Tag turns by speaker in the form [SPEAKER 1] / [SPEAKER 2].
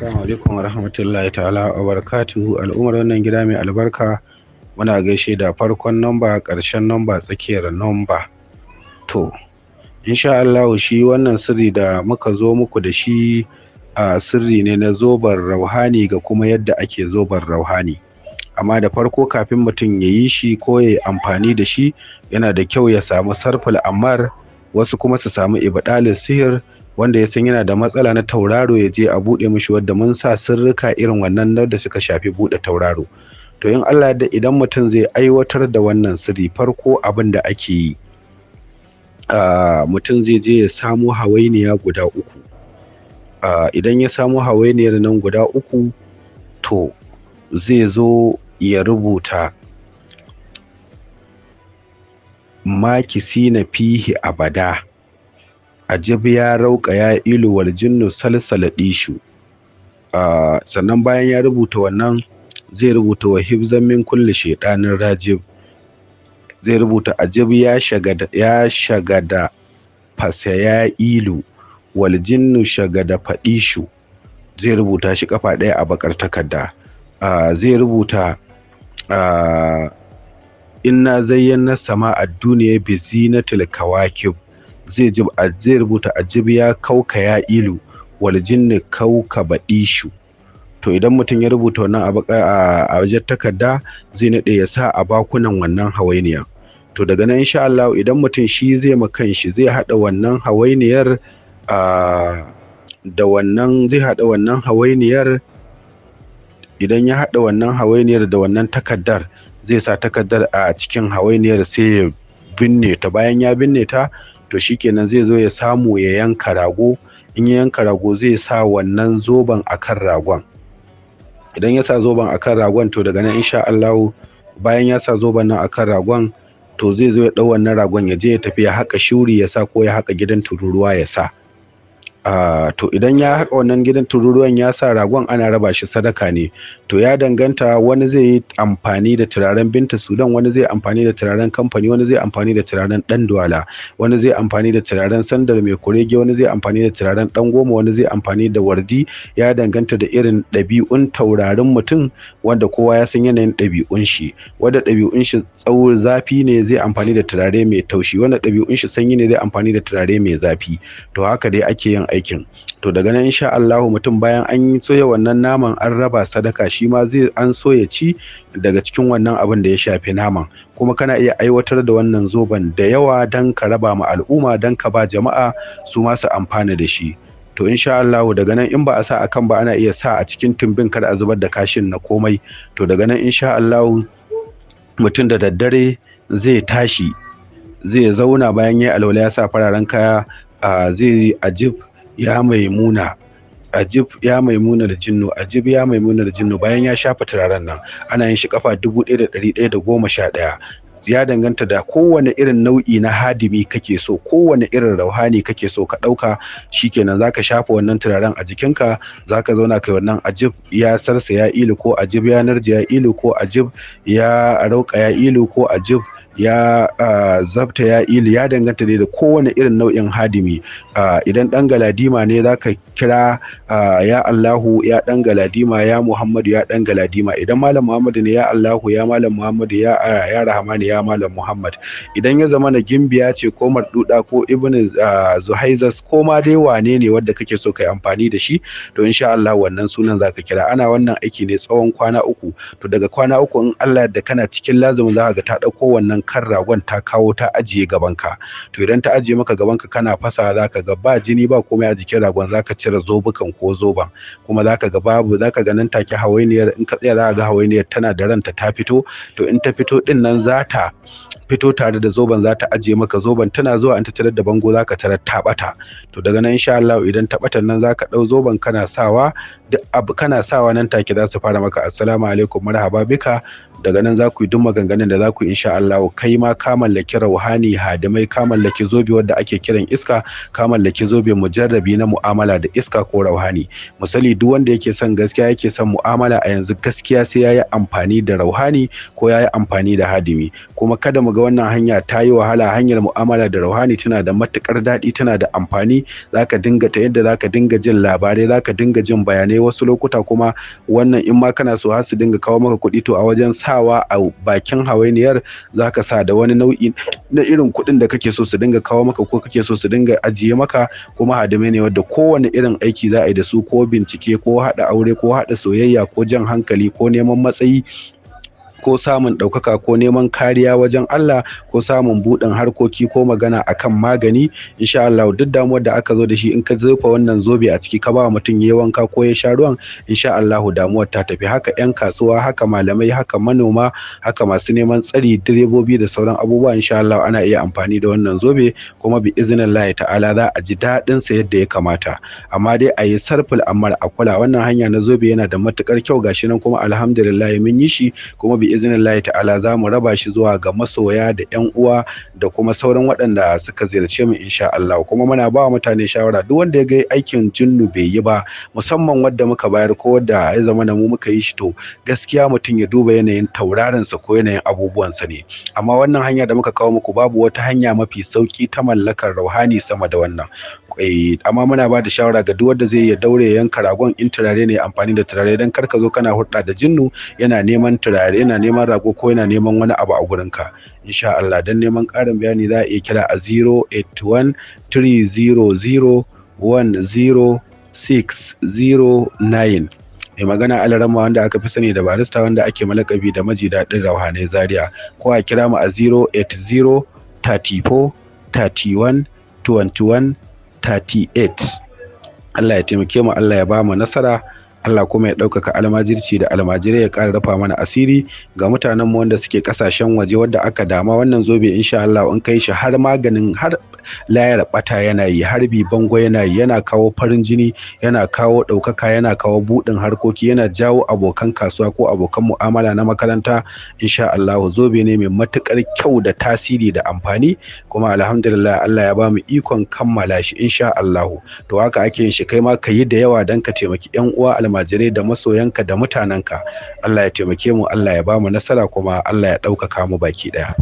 [SPEAKER 1] Assalamu alaikum wa rahmatullahi ta'ala wa barakatuhu al'ummar wannan gida mai albarka muna gaishe da farkon namba ƙarshen namba tsakiyar namba to insha Allah shi wannan sirri da muka zo muku da shi a sirri ne na zobar rauhani ga kuma yadda ake zobar rauhani amma da farko kafin mutum ya yi shi ko ya amfani da shi yana da kyau ya samu sarfal amar wasu kuma su samu ibadalin sihir wanda ya san yana da matsala na tauraro ya je a buɗe mishi wadda mun sa sirrika irin wannan da suka shafi buɗe tauraro to in Allah da idan mutum zai aiwatar da wannan sirri farko abin da ake yi mutum zai je ya samo hawainiya guda uku idan ya samo hawainiyar nan guda uku to zai zo ya rubuta makisi na fihi abada ajib ya rauka ya ilu wal jinnu salsala dishu sannan bayan ya rubuta wannan zai rubuta wa hibzan min kulli shaidanin rajib zai rubuta ajib ya shagada ya shagada fasa ya ilu wal jinnu shagada fadishu zai rubuta shi kafa ɗaya a bakar takarda zai rubuta inna zayyana sama a duniya bi zinatul kawakib zai rubuta a jibi ya kauka ya ilu wal jinni kauka baɗishu to idan mutum ya rubuta wannan a wajen takarda zai naɗe ya sa a bakunan wannan hawainiyar to daga nan insha Allah idan mutum shi zai makan shi zai haɗa wannan hawainiyar da wannan zai haɗa wannan hawainiyar idan ya haɗa wannan hawainiyar da wannan takaddar zai sa takaddar a cikin hawainiyar sai ya binne ta bayan ya binne ta to shikenan zai zo ya samu ya yanka rago in ya yanka rago zai sa wannan zoban akan ragon idan ya sa zoban akan ragon to daga nan insha Allah bayan ya sa zoban nan akan ragon to zai zo ya dau wannan ragon ya je ya tafi ya haka shuri ya sa ko ya haka gidan tururuwa ya sa to idan ya haƙa wannan gidan tururuwan ya sa ragon ana raba shi sadaka ne to ya danganta wani zai yi amfani da turaren binta sudan wani zai amfani da turaren kamfani wani zai amfani da turaren dan duwala wani zai amfani da turaren sandar mai kurege wani zai amfani da turaren dan goma wani zai amfani da wardi ya danganta da irin ɗabi'un taurarin mutum wanda kowa ya san yanayin ɗabi'un shi wanda ɗabi'un shi tsawo zafi ne zai amfani da turare mai taushi wanda ɗabi'un shi sanyi ne zai amfani da turare mai zafi to haka dai ake yin aikin to daga nan insha Allah mutum bayan an soya wannan naman an raba sadaka shi ma zai an soya ci daga cikin wannan abin da ya shafi naman kuma kana iya aiwatar da wannan zoban da yawa dan ka raba ma al'umma dan ka ba jama'a su ma su amfana da shi to insha Allah daga nan in ba a sa akan ba ana iya sa a cikin tumbin kada a zubar da kashin na komai to daga nan insha Allah mutum da daddare zai tashi zai zauna bayan ya alwala ya sa fararen kaya zai ajib ya maimuna ajib ya maimuna da jinnu ajib ya maimuna da jinnu bayan ya shafa turaren nan ana yin shi kafa dubu ɗaya da ɗari ɗaya da goma sha ɗaya ya danganta da kowane irin nau'i na hadimi kake so kowane irin rauhani kake so ka ɗauka shikenan zaka shafa wannan turaren a jikinka zaka zauna kai wannan ajib ya sarsa ya ilu ko ajib ya narji ya ilu ko ajib ya rauka ya ilu ko ajib ya zabta ya ili ya danganta ne da kowane irin nau'in hadimi idan dan galadima ne za ka kira ya Allahu ya dan galadima ya Muhammadu ya dan galadima idan malam Muhammadu ne ya Allahu ya malam Muhammadu ya ya ya malam Muhammad idan ya zama na gimbiya ce ko marduda ko ibn zuhaizas ko ma dai wane ne wanda kake so ka yi amfani da shi to insha Allah wannan sunan za ka kira ana wannan aiki ne tsawon kwana uku to daga kwana uku in Allah da kana cikin lazumin za ga ta dauko wannan kan ragon ta kawo ta ajiye gaban ka to idan ta ajiye maka gaban ka kana fasa zaka ga ba jini ba komai a jikin ragon zaka cire zobukan ko zoban kuma zaka ga babu zaka ga nan take hawainiyar in ka tsaya zaka ga hawainiyar tana da ranta ta fito to in ta fito din nan zata fito tare da zoban za ta ajiye maka zoban tana zuwa in ta tarar da bango za ka tarar ta bata to daga nan insha Allah idan ta bata nan za ka dau zoban kana sawa abu kana sawa nan take za su fara maka assalamu alaikum marhaba bika daga nan za ku yi duk maganganun da za ku insha Allah kai ma ka mallaki rauhani hadimai ka mallaki zobe wanda ake kiran iska ka mallaki zobe mujarrabi na mu'amala da iska ko rauhani misali duk wanda yake son gaskiya yake son mu'amala a yanzu gaskiya sai yayi amfani da rauhani ko yayi amfani da hadimi kuma kada mu ga wannan hanya ta yi wahala hanyar mu'amala da rauhani tana da matukar daɗi tana da amfani zaka dinga ta yadda zaka dinga jin labarai zaka dinga jin bayanai wasu lokuta kuma wannan in ma kana so har su dinga kawo maka kuɗi to a wajen sawa a bakin hawainiyar zaka ka sa da wani nau'i na irin kuɗin da kake so su dinga kawo maka ko kake so su dinga ajiye maka kuma hadime ne wadda kowane irin aiki za a yi da su ko bincike ko haɗa aure ko haɗa soyayya ko jan hankali ko neman matsayi ko samun ɗaukaka ko neman kariya wajen Allah ko samun buɗin harkoki ko magana akan magani insha Allah duk damuwar da aka zo da shi in ka zurfa wannan zobe a ciki ka ba mutum ya wanka ko ya sha ruwan insha Allah damuwar ta tafi haka yan kasuwa haka malamai haka manoma haka masu neman tsari direbobi da sauran abubuwa insha Allah ana iya amfani da wannan zobe kuma bi izinin Allah ta'ala za a ji daɗin sa yadda ya kamata amma dai a yi sarful amma a kula wannan hanya na zobe yana da matukar kyau gashi nan kuma alhamdulillah mun yi shi kuma bi bi ya ta'ala za mu raba shi zuwa ga masoya da yan uwa da kuma sauran waɗanda suka ziyarce mu insha Allah kuma muna ba mutane shawara duk wanda ya ga aikin jinnu bai yi ba musamman wanda muka bayar ko wanda ya zama da mu muka yi shi to gaskiya mutum ya duba yanayin tauraron sa ko yanayin abubuwan sa ne amma wannan hanya da muka kawo muku babu wata hanya mafi sauki ta mallakar rauhani sama da wannan eh, amma muna ba da shawara ga duk wanda zai ya daure yanka ragon in turare ne amfani da turare dan ka zo kana hurɗa da jinnu yana neman turare yana neman rago ko yana neman wani abu a gurinka insha Allah don neman ƙarin bayani za a iya kira a 081 mai magana alarama wanda aka fi sani da barista wanda ake malakabi da maji daɗin rauhanai zaria ko a kira mu a 080 38 Allah ya taimake mu Allah ya ba mu nasara Allah kuma ya ɗaukaka almajirci da almajirai ya ƙara dafa mana asiri ga mutanen mu wanda suke ƙasashen waje wadda aka dama wannan zobe insha Allah in kai shi har maganin har layar bata yana yi har bi bango yana yi yana kawo farin jini yana kawo ɗaukaka yana kawo buɗin harkoki yana jawo abokan kasuwa ko abokan mu'amala na makaranta insha Allah zobe ne mai matuƙar kyau da tasiri da amfani kuma alhamdulillah Allah ya ba mu ikon kammala shi insha Allah to haka ake yin shi kai ma ka yi da yawa don ka taimaki 'yan uwa almajirai da masoyanka da mutanenka Allah ya taimake mu Allah ya bamu nasara kuma Allah ya ɗaukaka mu baki ɗaya